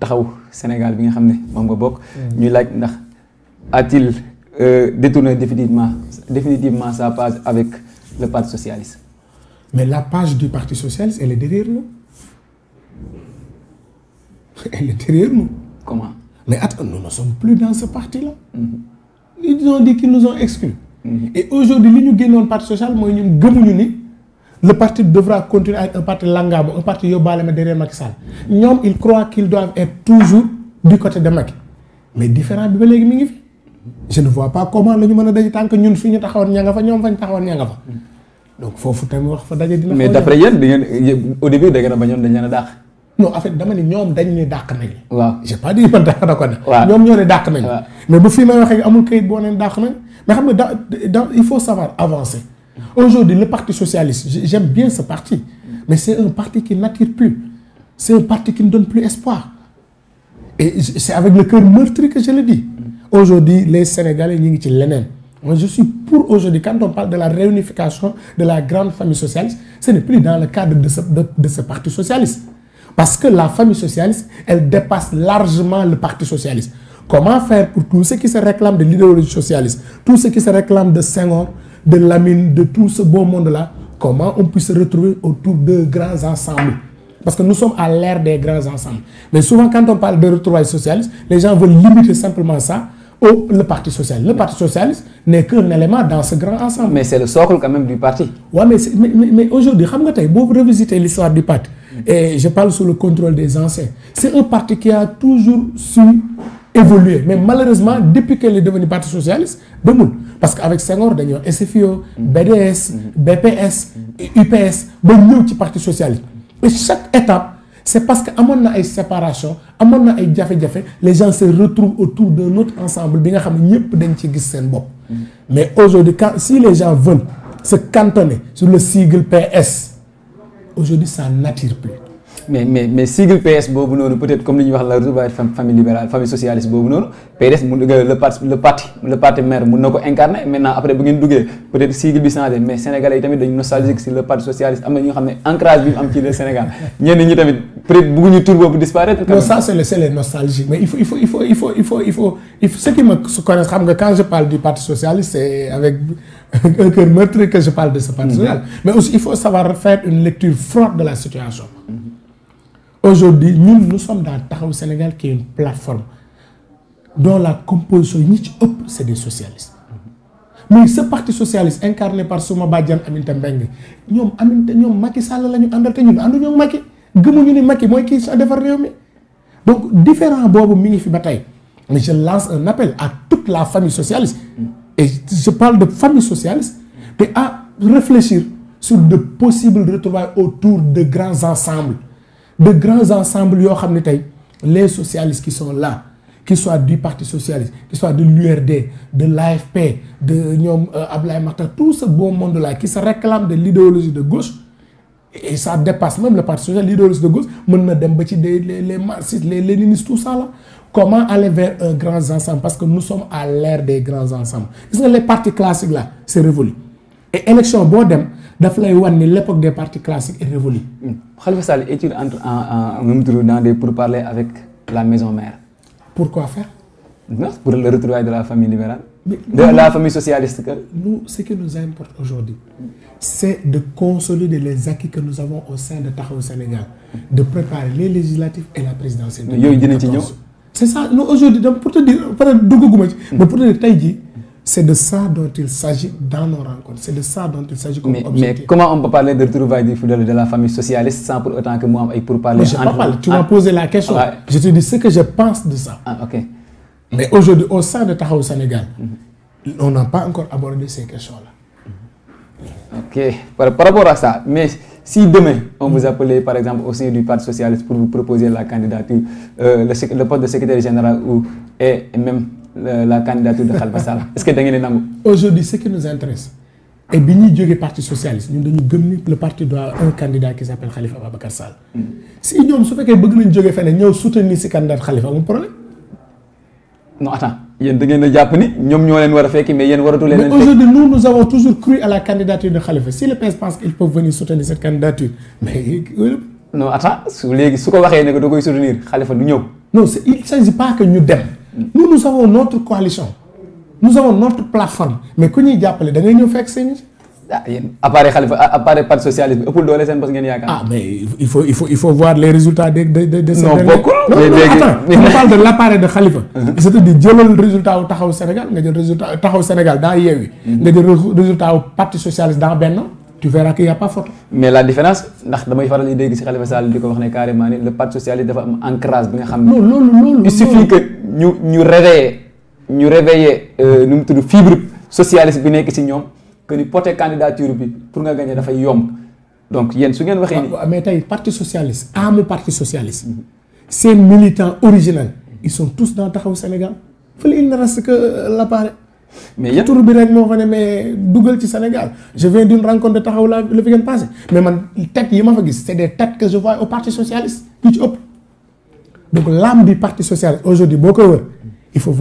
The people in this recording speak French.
taxaw Sénégal bi nga ne mm. ndax a euh, détourné définitivement définitivement sa page avec le parti socialiste. mais la page du parti socialiste elle est derrière nous elle est derrière nous. comment mais nous ne sommes plus dans ce parti là. Mm-hmm. ils ont dit qu'ils nous ont exclus. Mm-hmm. et aujourd'hui nous ñu le parti social mooy ñun gëmuñu ni le parti devra continuer à être un parti langable, un parti yobalame derrière Macky Sall. Nous, ils croient qu'ils doivent être toujours du côté de Macky. Mais différent de Macky. Je ne vois pas comment nous pouvons dire tant que nous sommes là, nous sommes là, nous sommes là. Donc, il faut que nous disions. Mais d'après vous, au début, vous avez dit que vous non en fait dama ne ñoom dañ ne dàq nañ j'ai pas dit man dàq na ko ne ñoom ñoo ne nañ mais bu fii may waxee amul kayit boo neen nañ mais xam nga il faut savoir avancer Aujourd'hui, le Parti socialiste, j'aime bien ce parti, mais c'est un parti qui n'attire plus. C'est un parti qui ne donne plus espoir. Et c'est avec le cœur meurtri que je le dis. Aujourd'hui, les Sénégalais, Moi, je suis pour aujourd'hui, quand on parle de la réunification de la grande famille socialiste, ce n'est plus dans le cadre de ce, parti socialiste. Parce que la famille socialiste, elle dépasse largement le parti socialiste. Comment faire pour tous ceux qui se réclament de l'idéologie socialiste, tous ceux qui se réclament de Senghor, de Lamine, de tout ce beau monde-là, comment on puisse se retrouver autour de grands ensembles. Parce que nous sommes à l'ère des grands ensembles. Mais souvent, quand on parle de retrouvailles socialistes, les gens veulent limiter simplement ça au le Parti social. Le Parti socialiste n'est qu'un élément dans ce grand ensemble. Mais c'est le socle quand même du parti. Oui, mais, mais, aujourd'hui, vous revisitez l'histoire du parti, et je parle sous le contrôle des anciens, c'est un parti qui a toujours su évoluer mais malheureusement depuis qu'elle est devenue parti socialiste moule. parce que avec il y a SFIO BDS BPS UPS ba a ci parti socialiste et chaque étape c'est parce que mon na ay séparation à na ay jafe-jafe les gens se retrouvent autour d'un autre ensemble bi nga dañ ci mais aujourd'hui si les gens veulent se cantonner sur le sigle PS aujourd'hui ça n'attire plus mais mais mais sigle PS boobu noonu peut-être comme li ñuy wax la revoir famille libérale famille socialiste boobu noonu PDS euh, le parti le parti le parti maire mun na ko incarner maintenant après bu ngeen duggee peut-être sigle bi changé mais sénégalais yi tamit dañu nostalgique si le parti socialiste am na ñi nga xam ne ancrage bi am ci le Sénégal ñenn ñi tamit peut-être bëgguñu tur boobu disparaître. non ça c'est le c'est les nostalgiques mais il faut il faut il faut il faut il faut il faut il faut ceux qui me connaissent xam nga quand je parle du parti socialiste c'est avec un cœur meurtrier que je parle de ce parti mm-hmm. social. mais aussi il faut savoir faire une lecture forte de la situation. Mm-hmm. Aujourd'hui, nous, sommes dans Tahaou Sénégal qui est une plateforme dont la composition c'est des socialistes. Mais ce parti socialiste incarné par Souma Badian Amin Mbengue, ñom Aminata ñom Macky Sall lañu andal té ñun andu ñom Macky ñu ni Macky moy ki sa défar réew mi. Donc différents bobu mi ngi fi Mais je lance un appel à toute la famille socialiste et je parle de famille socialiste de à réfléchir sur de possibles retrouvailles autour de grands ensembles de grands ensembles les socialistes qui sont là qu'ils soient du parti socialiste qu'ils soient de l'URD de l'AFP de ñom euh, Abdoulaye tout ce bon monde là qui se réclame de l'idéologie de gauche et ça dépasse même le parti socialiste l'idéologie de gauche dem les marxistes les léninistes tout ça là comment aller vers un grand ensemble parce que nous sommes à l'ère des grands ensembles les partis classiques là c'est révolu et élection bon dem daf l'époque des partis classiques est révolus, hmm. Khalifa Sall est en même temps avec la maison mère. pourquoi faire. pour le retrouvailles de la famille libérale. de la famille socialiste ce qui nous importe aujourd'hui c'est de consolider les acquis que nous avons au sein de au Sénégal. de préparer les législatives et la présidentielle. c'est ça Nous aujourd'hui pour te dire mais pour te dire c'est de ça dont il s'agit dans nos rencontres. C'est de ça dont il s'agit comme objectif. Mais comment on peut parler de retrouvailles du de la famille socialiste sans pour autant que moi pour parler... de je pas Tu m'as ah. posé la question. Ah, je te dis ce que je pense de ça. Ah, ok. Mais aujourd'hui, au sein de Taha au Sénégal, on n'a pas encore abordé ces questions-là. Ok. Par, rapport à ça, mais si demain, on vous appelait par exemple au sein du Parti Socialiste pour vous proposer la candidature, euh, le, poste de secrétaire général ou, et même la, candidature de Khalifa Sall est-ce que vous avez di aujourd'hui ce qui nous intéresse et bi ñuy le parti socialiste nous dañu gëm le parti doit un candidat qui s'appelle Khalifa Ababacar Sall. Hmm. si nous su fekkee bëgg nañ soutenir ce candidat Khalifa Vous problème. non attends Vous da ni faire, mais aujourd'hui nous nous avons toujours cru à la candidature de Khalifa si le PS pense qu'ils peuvent venir soutenir cette candidature mais. Euh, non attends Si vous voulez que vous ne soutenir Khalifa du ñëw. non il s'agit pas que nous dem nous nous avons notre coalition nous avons notre plateforme mais ku ñuy jàppale da ngay ñëw fekk seen ah appareil Khalifa appareil parti socialiste ah mais il faut il faut il faut voir les résultats de de de de. non beaucoup. mais non attends on parle de l'appareil de Khalifa. Uh-huh. c'est-à-dire le résultat au taxaw Sénégal nga jël résultat taxaw Sénégal dans Yéwi, uh-huh. nga le résultat au parti socialiste dans Benno. tu verras qu'il y a pas faute. mais la différence ndax damay faral di l'idée que Khalifa Sall wax carrément le parti socialiste dafa am ancrage bi nga non, non il suffit que ñu ñu réveiller ñu réveiller euh, nu mu tudd fibre socialiste bi nekk ci ñoom que ni porter candidature bi pour nga gagner dafay yomb donc yéen su ngeen waxee. waaw ah, mais tey parti socialiste amu parti socialiste. seen militants originels. ils sont tous dans taxaw Sénégal. fële il ne reste que euh, l'appareil. mais a tout bi rek moo fa ne mais dugal ci Sénégal je viens d'une rencontre de taxaw la le week-end passé mais man tête yi ma fa gis c'est des têtes que je vois au parti socialiste ci donc l'âme du parti social aujourd'hui beaucoup il faut